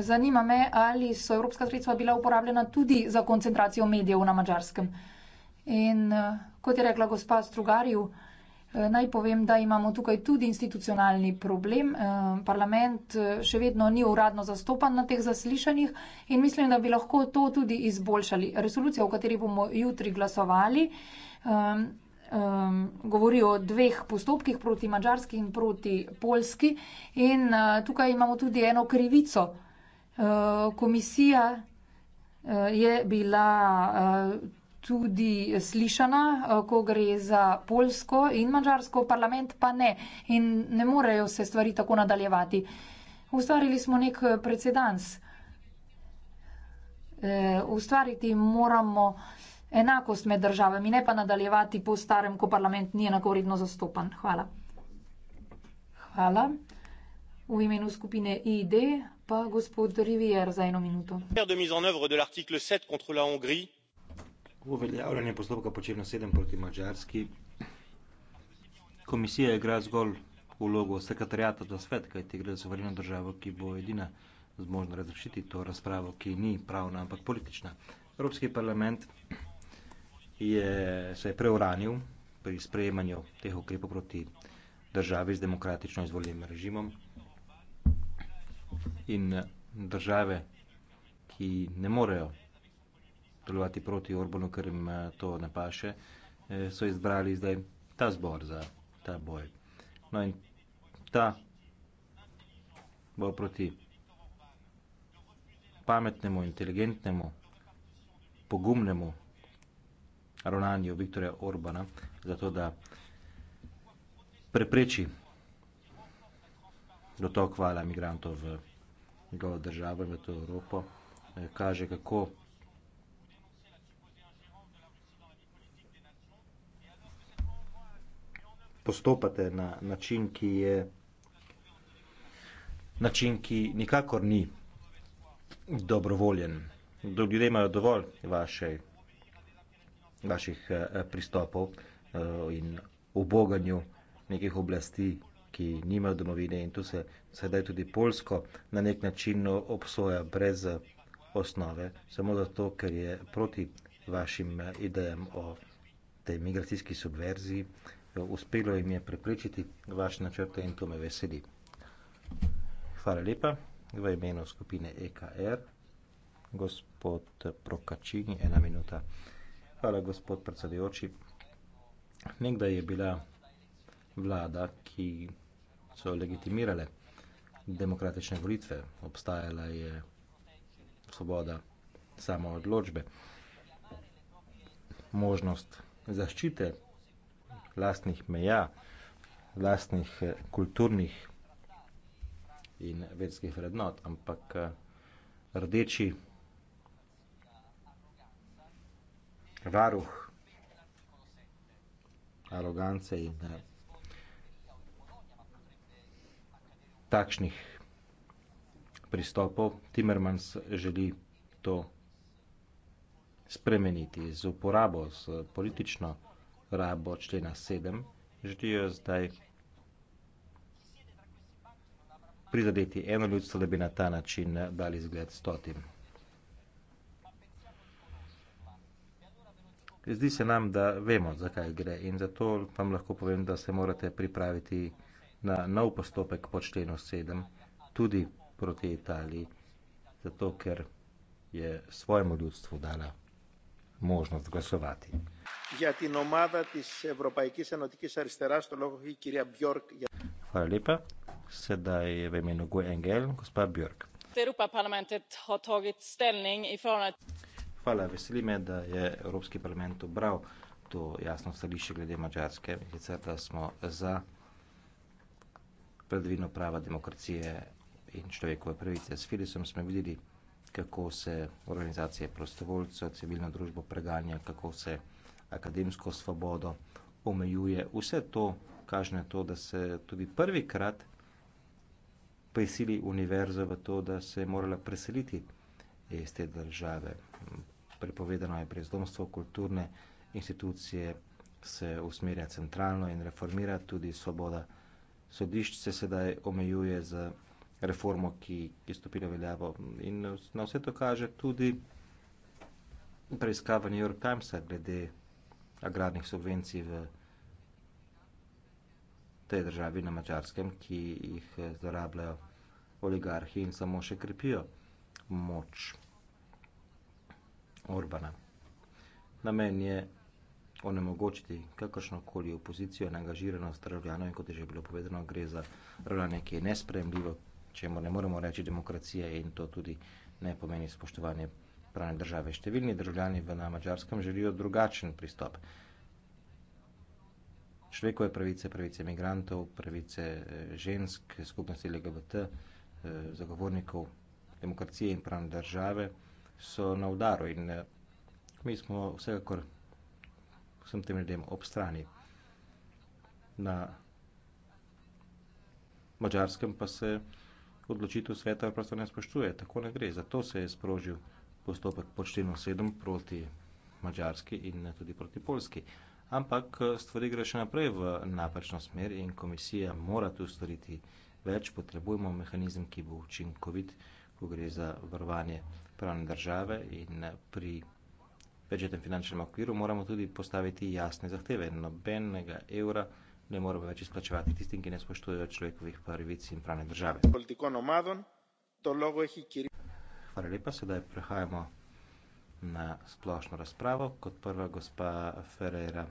Zanima me, ali so evropska sredstva bila uporabljena tudi za koncentracijo medijev na Mačarskem. In kot je rekla gospa Strugarju, naj povem, da imamo tukaj tudi institucionalni problem. Parlament še vedno ni uradno zastopan na teh zaslišanjih in mislim, da bi lahko to tudi izboljšali. Resolucija, o kateri bomo jutri glasovali, um, um, govori o dveh postopkih proti Mačarski in proti Polski in uh, tukaj imamo tudi eno krivico. Eh, komisija eh, je bila eh, tudi slišana, ko gre za Polsko in Mačarsko, parlament pa ne in ne morejo se stvari tako nadaljevati. Ustvarili smo nek precedans. Ustvariti moramo enakost med državami, ne pa nadaljevati po starem, ko parlament ni enakovredno zastopan. Hvala. Hvala. V imenu skupine ID de mise en œuvre de l'article sept contre la hongrie uveljavljanje postopka po členu sedem proti madžarski komisija igra zgolj vlogo sekretariata za svet kajti gre za suvereno državo ki bo edina zmožna razrešiti to razpravo ki ni pravna ampak politična evropski parlament je se je preuranil pri sprejemanju teh ukrepov proti državi z demokratično izvoljenim režimom in države, ki ne morejo delovati proti Orbanu, ker jim eh, to ne paše, eh, so izbrali zdaj ta zbor za ta boj. No in ta bo proti pametnemu, inteligentnemu, pogumnemu ravnanju Viktorja Orbana, zato da prepreči dotok vala migrantov v njegovo državo in v to Evropo, eh, kaže kako postopate na način, ki je način, ki nikakor ni dobrovoljen. Ljudje imajo dovolj vaše, vaših eh, pristopov eh, in oboganju nekih oblasti, ki nimajo domovine in tu se sedaj tudi Polsko, na nek način obsoja brez osnove, samo zato, ker je proti vašim idejam o tej migracijski subverziji uspelo jim je preprečiti vaše načrte in to me veseli. Hvala lepa. V imenu skupine EKR, gospod Prokačini, ena minuta. Hvala, gospod predsedujoči. Nekdaj je bila vlada, ki so legitimirale demokratične volitve, obstajala je svoboda samo odločbe, možnost zaščite lastnih meja, lastnih eh, kulturnih in vedskih vrednot, ampak eh, rdeči varuh arogance in eh, takšnih pristopov. Timmermans želi to spremeniti z uporabo, z politično rabo člena 7. Želijo zdaj prizadeti eno ljudstvo, da bi na ta način dali zgled stotim. Zdi se nam, da vemo, zakaj gre in zato vam lahko povem, da se morate pripraviti na nov postopek po členu 7, tudi proti Italiji, zato ker je svojemu ljudstvu dala možnost glasovati. Hvala lepa. Sedaj je v imenu Gue Engel, gospa Björk. Hvala, veseli me, da je Evropski parlament obral to jasno stališče glede Mačarske, sicer da smo za vladavino prava demokracije in človekove pravice. S Filisom smo videli, kako se organizacije prostovoljcev, civilno družbo preganja, kako se akademsko svobodo omejuje. Vse to kaže to, da se tudi prvi krat prisili univerzo v to, da se je morala preseliti iz te države. Prepovedano je prezdomstvo kulturne institucije, se usmerja centralno in reformira tudi svoboda sodišč se sedaj omejuje z reformo, ki je stopila veljavo. In na vse to kaže tudi preiskava New York Timesa glede agrarnih subvencij v tej državi na mačarskem, ki jih eh, zarabljajo oligarhi in samo še krepijo moč Orbana. Namen je onemogočiti kakršno koli opozicijo in angažiranost državljanov. In kot je že bilo povedano, gre za ravnanje, ki je nespremljivo, čemu ne moremo reči demokracija in to tudi ne pomeni spoštovanje pravne države. Številni državljani v na Mačarskem želijo drugačen pristop. Človekove pravice, pravice migrantov, pravice eh, žensk, skupnosti LGBT, eh, zagovornikov demokracije in pravne države so na udaru in eh, mi smo vsekakor vsem tem ljudem ob strani. Na mačarskem pa se odločitev sveta preprosto ne spoštuje, tako ne gre. Zato se je sprožil postopek počtino sedem proti mačarski in tudi proti polski. Ampak eh, stvari gre še naprej v napačno smer in komisija mora tu storiti več. Potrebujemo mehanizem, ki bo učinkovit, ko gre za varovanje pravne države in pri večjem finančnem okviru, moramo tudi postaviti jasne zahteve. Nobenega evra ne moremo več izplačevati tistim, ki ne spoštujejo človekovih pravic in pravne države. Hvala lepa, sedaj prehajamo na splošno razpravo. Kot prva, gospa Ferreira.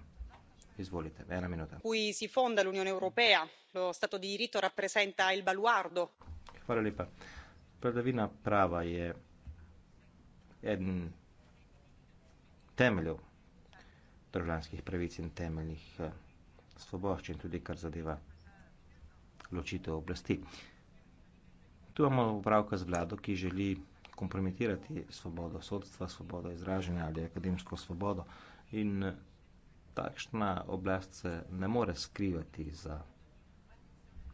Izvolite, ena minuta. Kuj si fonda l'Unione Europea, lo stato di diritto rappresenta il baluardo. Hvala lepa. Predavina prava je eden temeljev državljanskih pravic in temeljnih eh, svoboščin, tudi kar zadeva ločitev oblasti. Tu imamo upravka z vlado, ki želi kompromitirati svobodo sodstva, svobodo izražanja ali akademsko svobodo in eh, takšna oblast se ne more skrivati za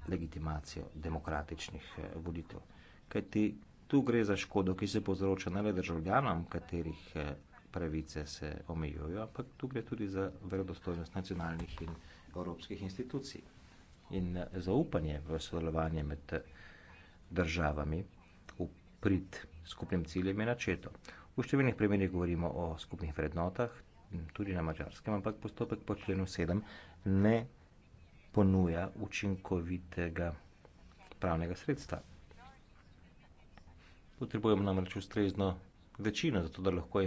legitimacijo demokratičnih eh, volitev. Kajti tu gre za škodo, ki se povzroča ne le državljanom, katerih pravice se omejujo, ampak tu gre tudi za verodostojnost nacionalnih in evropskih institucij. In zaupanje v sodelovanje med državami v prid skupnim ciljem je načeto. V številnih primerih govorimo o skupnih vrednotah, tudi na mačarskem, ampak postopek po členu 7 ne ponuja učinkovitega pravnega sredstva. Potrebujemo namreč ustrezno večino za to, da lahko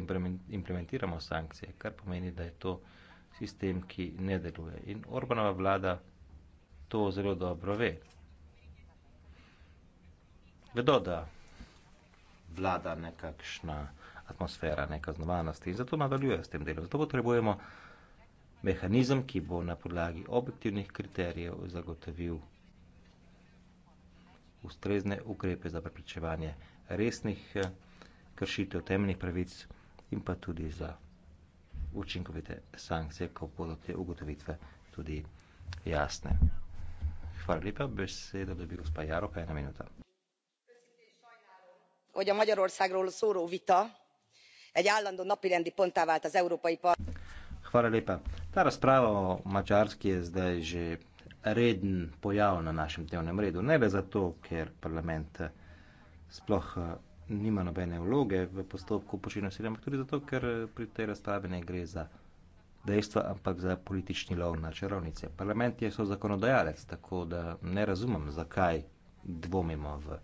implementiramo sankcije, kar pomeni, da je to sistem, ki ne deluje. In Orbanova vlada to zelo dobro ve. Vedo, da vlada nekakšna atmosfera nekaznovanosti in zato nadaljuje s tem delom. Zato potrebujemo mehanizem, ki bo na podlagi objektivnih kriterijev zagotovil ustrezne ukrepe za preprečevanje resnih eh, kršitev temeljnih pravic in pa tudi za učinkovite sankcije, ko bodo te ugotovitve tudi jasne. Hvala lepa, besedo dobi gospa Jaroka, ena minuta. Hvala lepa. Ta razprava o Mačarski je zdaj že reden pojav na našem dnevnem redu. Ne le zato, ker parlament sploh nima nobene vloge v postopku počitnega nasilja, ampak tudi zato, ker pri tej razpravi ne gre za dejstva, ampak za politični lov na čarovnice. Parlament je so zakonodajalec, tako da ne razumem, zakaj dvomimo v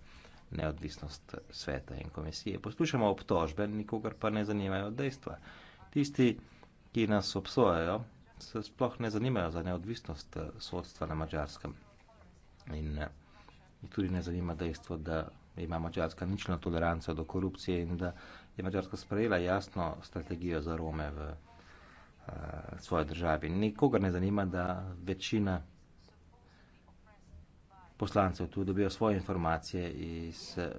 neodvisnost sveta in komisije. Poslušamo obtožbe, nikogar pa ne zanimajo dejstva. Tisti, ki nas obsojajo, se sploh ne zanimajo za neodvisnost eh, sodstva na mačarskem. In, eh, in tudi ne zanima dejstvo, da ima Mačarska ničla toleranca do korupcije in da je Mačarska sprejela jasno strategijo za Rome v uh, svoji državi. Nikogar ne zanima, da večina poslancev tu dobijo svoje informacije iz eh,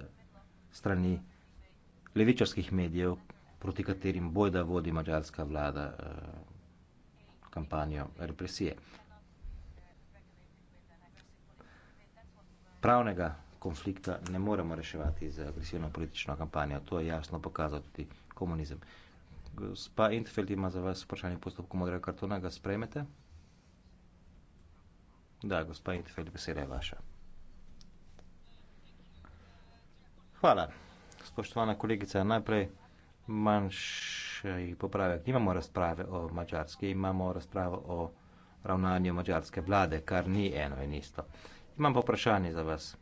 strani levičarskih medijev, proti katerim bojda vodi mačarska vlada uh, kampanjo represije. Pravnega konflikta ne moremo reševati z agresivno politično kampanjo. To je jasno pokazal tudi komunizem. Gospa Intfeld ima za vas vprašanje postopku modrega kartona. Ga sprejmete? Da, gospa Intfeld, beseda je vaša. Hvala. Spoštovana kolegica, najprej manjši popravek. Nimamo razprave o Mačarski, imamo razpravo o ravnanju mačarske vlade, kar ni eno in isto. Imam pa vprašanje za vas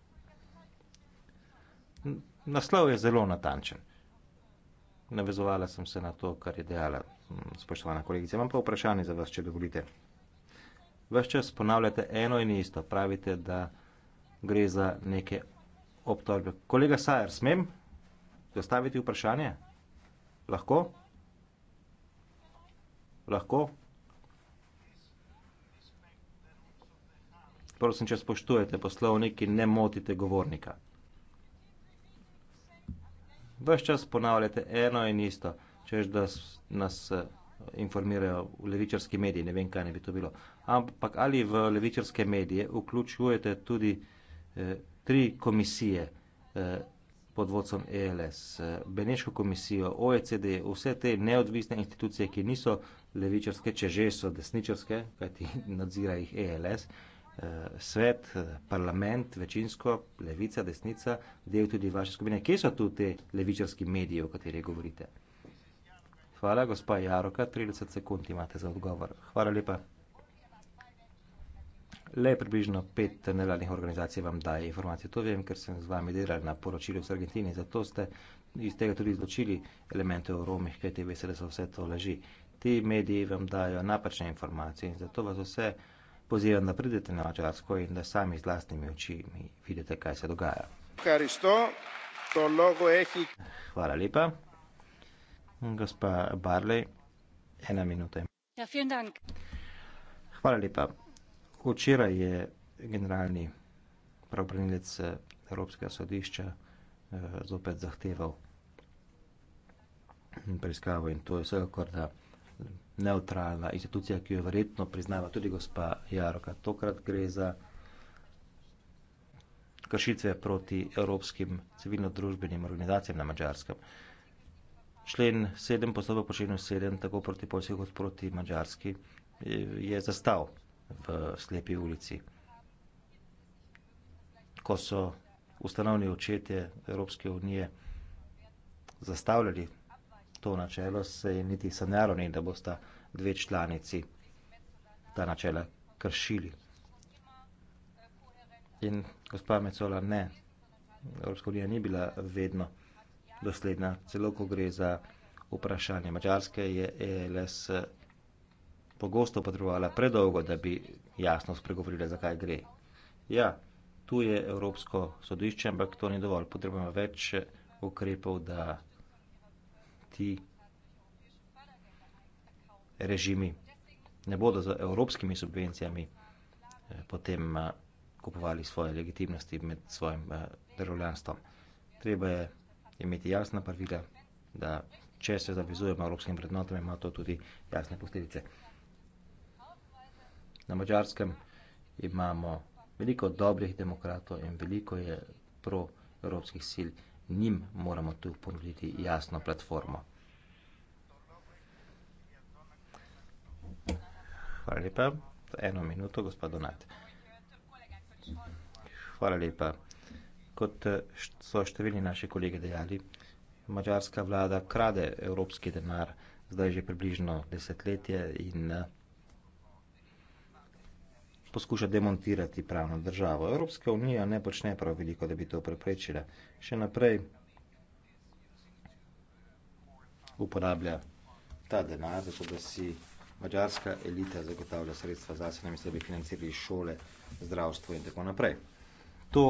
naslov je zelo natančen. Navezovala sem se na to, kar je dejala hm, spoštovana kolegica. Imam pa vprašanje za vas, če dovolite. Ves čas ponavljate eno in isto, pravite, da gre za neke obtožbe. Kolega Sajer, smem zastaviti vprašanje? Lahko? Lahko? Prosim, če spoštujete poslovnik in ne motite govornika. Ves čas ponavljate eno in isto, čež da nas eh, informirajo v levičarski mediji, ne vem, kaj ne bi to bilo. Ampak ali v levičarske medije vključujete tudi eh, tri komisije eh, pod vodstvom ELS, eh, Beneško komisijo, OECD, vse te neodvisne institucije, ki niso levičarske, če že so desničarske, kajti [LAUGHS] nadzira jih ELS, eh, Eh, svet, parlament, večinsko, levica, desnica, del tudi vaše skupine. Kje so tu te levičarski mediji, o kateri govorite? Hvala, gospa Jaroka. 30 sekund imate za odgovor. Hvala lepa. Le približno pet nevladnih organizacij vam daje informacije. To vem, ker sem z vami delal na poročilu z Argentini. Zato ste iz tega tudi izločili elemente o Romih, kajte veste, da so vse to laži. Ti mediji vam dajo napačne informacije in zato vas vse pozivam, da pridete na Mačarsko in da sami z lastnimi očmi vidite, kaj se dogaja. Hvala lepa. Gospa Barley, ena minuta. Ja, Hvala lepa. Včeraj je generalni pravobranilec eh, Evropskega sodišča eh, zopet zahteval mm, preiskavo in to je vsekakor, da neutralna institucija, ki jo verjetno priznava tudi gospa Jaroka. Tokrat gre za kršitve proti evropskim civilno-družbenim organizacijam na Mačarskem. Člen 7, poslova po členu 7, tako proti Poljski kot proti Mačarski, je zastav v slepi ulici. Ko so ustanovni očetje Evropske unije zastavljali to načelo, se je niti sanjaro ne, da bosta dve članici ta načela kršili. In gospa Mecola, ne, Evropska unija ni bila vedno dosledna, celo ko gre za vprašanje Mačarske, je ELS pogosto potrebovala predolgo, da bi jasno spregovorila, zakaj gre. Ja, tu je Evropsko sodišče, ampak to ni dovolj. Potrebujemo več ukrepov, da ti režimi ne bodo z evropskimi subvencijami eh, potem eh, kupovali svoje legitimnosti med svojim eh, državljanstvom. Treba je imeti jasna pravila, da če se zavezujemo evropskim vrednotam, ima to tudi jasne posledice. Na mačarskem imamo veliko dobrih demokratov in veliko je pro evropskih sil njim moramo tu ponuditi jasno platformo. Hvala lepa. Eno minuto, gospod Donat. Hvala lepa. Kot so številni naši kolege dejali, mađarska vlada krade evropski denar zdaj že približno desetletje in poskuša demontirati pravno državo. Evropska unija ne počne prav veliko, da bi to preprečila. Še naprej uporablja ta denar, zato da si mađarska elita zagotavlja sredstva za se, namesto da bi financirali šole, zdravstvo in tako naprej. To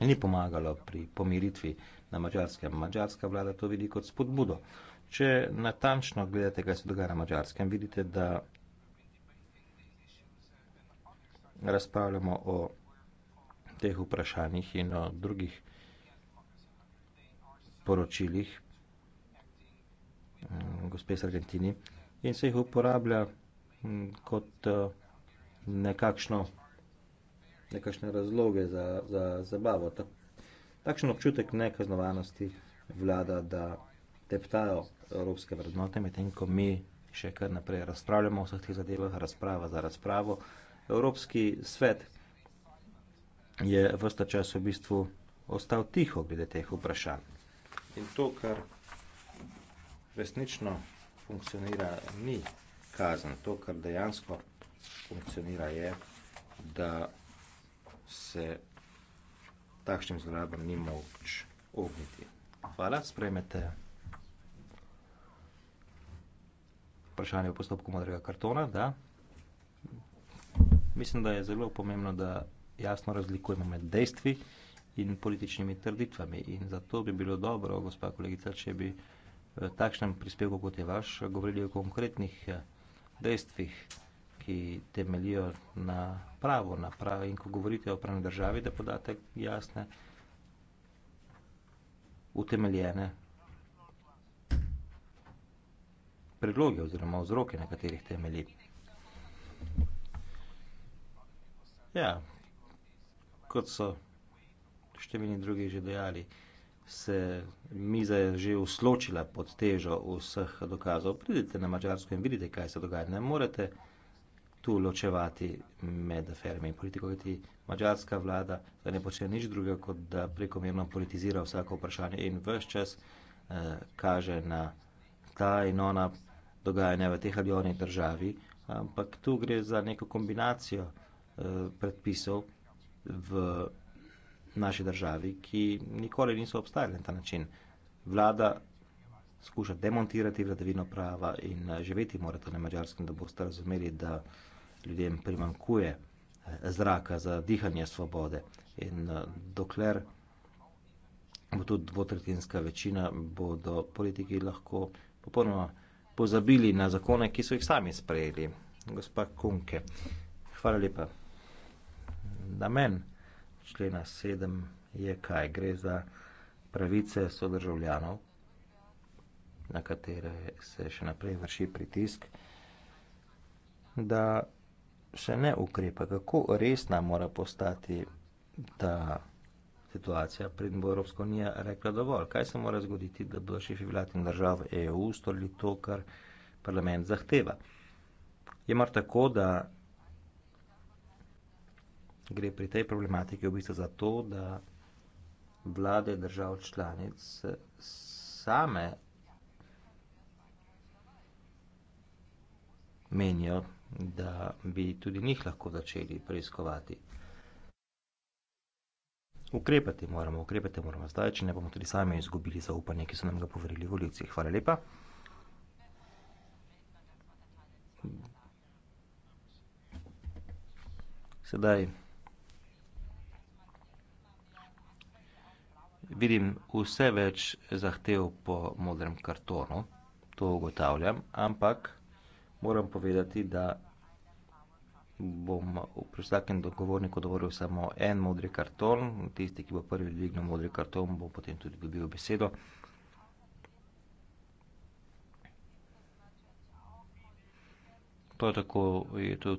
ni pomagalo pri pomiritvi na mađarskem. Mađarska vlada to vidi kot spodbudo. Če natančno gledate, kaj se dogaja na mađarskem, vidite, da razpravljamo o teh vprašanjih in o drugih poročilih mm, gospe iz Argentini in se jih uporablja mm, kot eh, nekakšno nekakšne razloge za, za zabavo. Ta, takšen občutek nekaznovanosti vlada, da teptajo evropske vrednote, medtem ko mi še kar naprej razpravljamo o vseh teh zadevah, razprava za razpravo, Evropski svet je vrsta čas v bistvu ostal tiho glede teh vprašanj. In to, kar resnično funkcionira, ni kazen. To, kar dejansko funkcionira, je, da se takšnim zlorabam ni moč ogniti. Hvala, sprejmete vprašanje v postopku modrega kartona, da? Mislim, da je zelo pomembno, da jasno razlikujemo med dejstvi in političnimi trditvami. In zato bi bilo dobro, gospa kolegica, če bi v eh, takšnem prispevku, kot je vaš, govorili o konkretnih eh, dejstvih, ki temelijo na pravo, na pravo. In ko govorite o pravni državi, da podate jasne, utemeljene predloge oziroma vzroke, na katerih temelji. Ja, kot so številni drugi že dejali, se miza je že usločila pod težo vseh dokazov. Pridite na Mačarsko in vidite, kaj se dogaja. Ne morete tu ločevati med aferami in politiko, kajti mačarska vlada ne počne nič drugega, kot da prekomerno politizira vsako vprašanje in vse čas eh, kaže na ta in ona dogajanja v teh ali onih državi. Ampak tu gre za neko kombinacijo. Eh, predpisov v naši državi, ki nikoli niso obstajali na ta način. Vlada skuša demontirati vladavino prava in eh, živeti morate na mačarskem, da boste razumeli, da ljudem primankuje eh, zraka za dihanje svobode. In dokler bo tudi dvotretinska večina, bodo politiki lahko popolnoma pozabili na zakone, ki so jih sami sprejeli. Gospa Kunke, hvala lepa namen člena 7 je kaj? Gre za pravice sodržavljanov, na katere se še naprej vrši pritisk, da še ne ukrepa. Kako resna mora postati ta situacija, pred bo Evropska unija rekla dovolj? Kaj se mora zgoditi, da bo šefi vlad in držav EU storili to, kar parlament zahteva? Je mar tako, da gre pri tej problematiki v bistvu za to, da vlade držav članic same menijo, da bi tudi njih lahko začeli preiskovati. Ukrepati moramo, ukrepati moramo zdaj, če ne bomo tudi sami izgubili zaupanje, ki so nam ga poverili volivci. Hvala lepa. Sedaj. vidim vse več zahtev po modrem kartonu, to ugotavljam, ampak moram povedati, da bom pri vsakem dogovorniku dovolil samo en modri karton, tisti, ki bo prvi dvignil modri karton, bo potem tudi dobil besedo. Prav tako je to